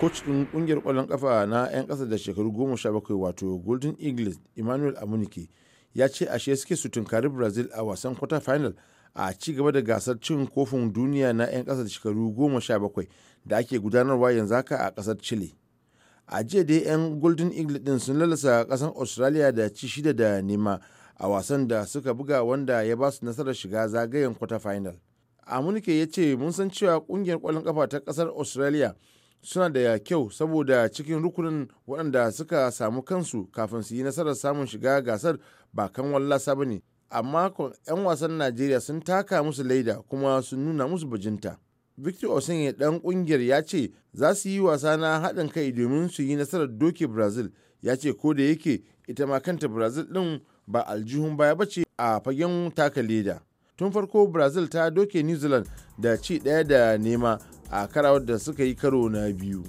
coach din ƙungiyar kwallon ƙafa na 'yan kasa da shekaru goma sha bakwai wato golden eagles emmanuel amunike ya ce ashe suke su tunkari brazil a wasan quarter final a ci gaba da gasar cin kofin duniya na 'yan kasa da shekaru goma sha bakwai da ake gudanarwa yanzu haka a kasar chile a jiya dai 'yan golden eagles ɗin sun lalasa ƙasar australia da ci shida da nema a wasan da suka buga wanda ya ba su nasarar shiga zagayen quarter final amunike ya ce mun san cewa ƙungiyar kwallon kafa ta kasar australia suna da kyau saboda cikin rukunin waɗanda suka samu kansu kafin su yi nasarar samun shiga gasar ba kan wallasa ba ne amma 'yan wasan najeriya sun taka musu laida kuma sun nuna musu bajinta victor ya dan kungiyar ya ce za su yi wasa na haɗin kai domin su yi nasarar doke brazil ya ce ko da yake ita ma kanta brazil ɗin ba aljihun baya ba ce a fagen taka leda tun farko brazil ta doke new zealand da ci ɗaya da nema a karawar da suka yi karo na biyu